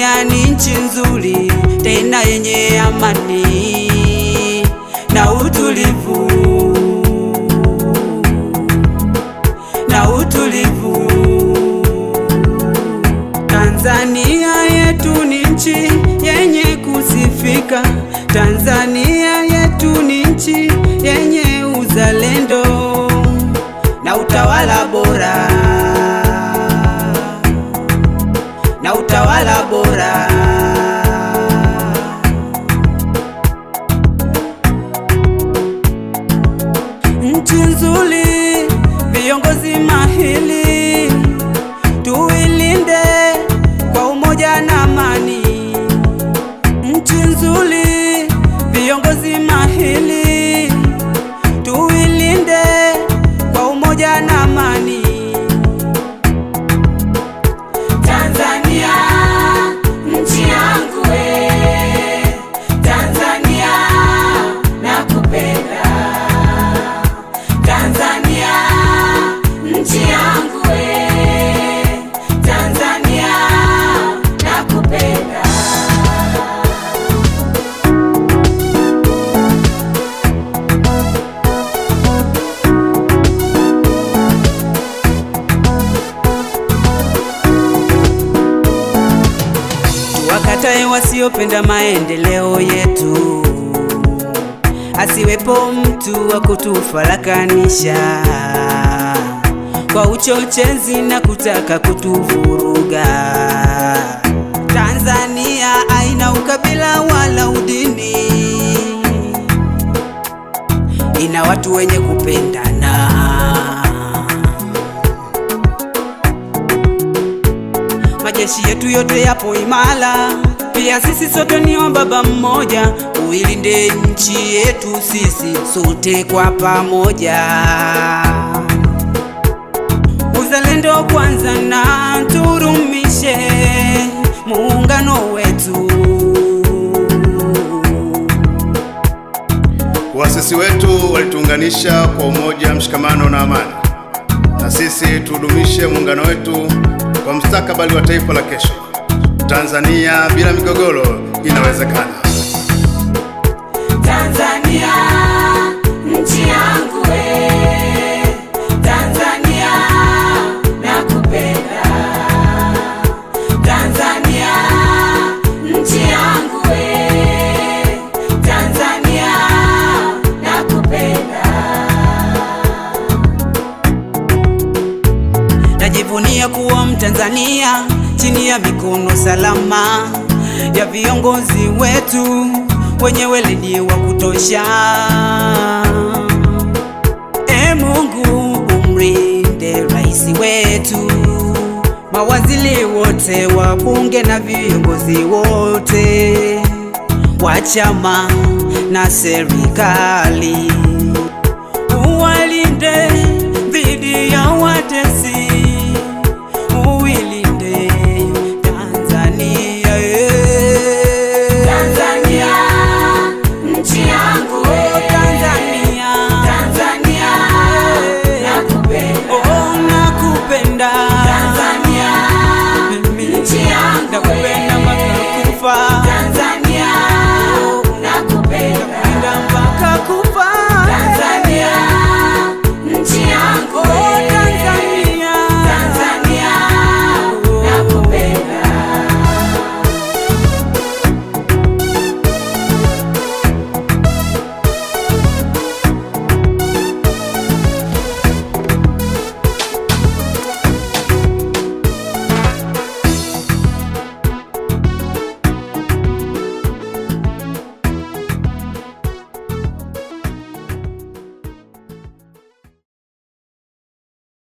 Tanzania ni nchi nzuri tena yenye amani na utulivu na utulivu. Tanzania yetu ni nchi yenye kusifika. Tanzania yetu ni nchi yenye uzalendo na utawala bo Tuwaondoe wasiopenda maendeleo yetu, asiwepo mtu wa kutufarakanisha kwa uchochezi na kutaka kutuvuruga. Tanzania haina ukabila wala udini, ina watu wenye kupendana. Majeshi yetu yote yapo imara pia sisi sote ni baba mmoja, uilinde nchi yetu sisi sote kwa pamoja. Uzalendo kwanza na turumishe muungano wetu. Waasisi wetu walituunganisha kwa umoja, mshikamano na amani, na sisi tudumishe muungano wetu kwa mstakabali wa taifa la kesho. Tanzania bila migogoro inawezekana. Tanzania nchi yangu we. Tanzania nakupenda. Tanzania nchi yangu we. Tanzania nakupenda. Najivunia kuwa Mtanzania chini ya mikono salama ya viongozi wetu wenye weledi wa kutosha. E Mungu, umrinde rais wetu, mawaziri wote, wabunge na viongozi wote wa chama na serikali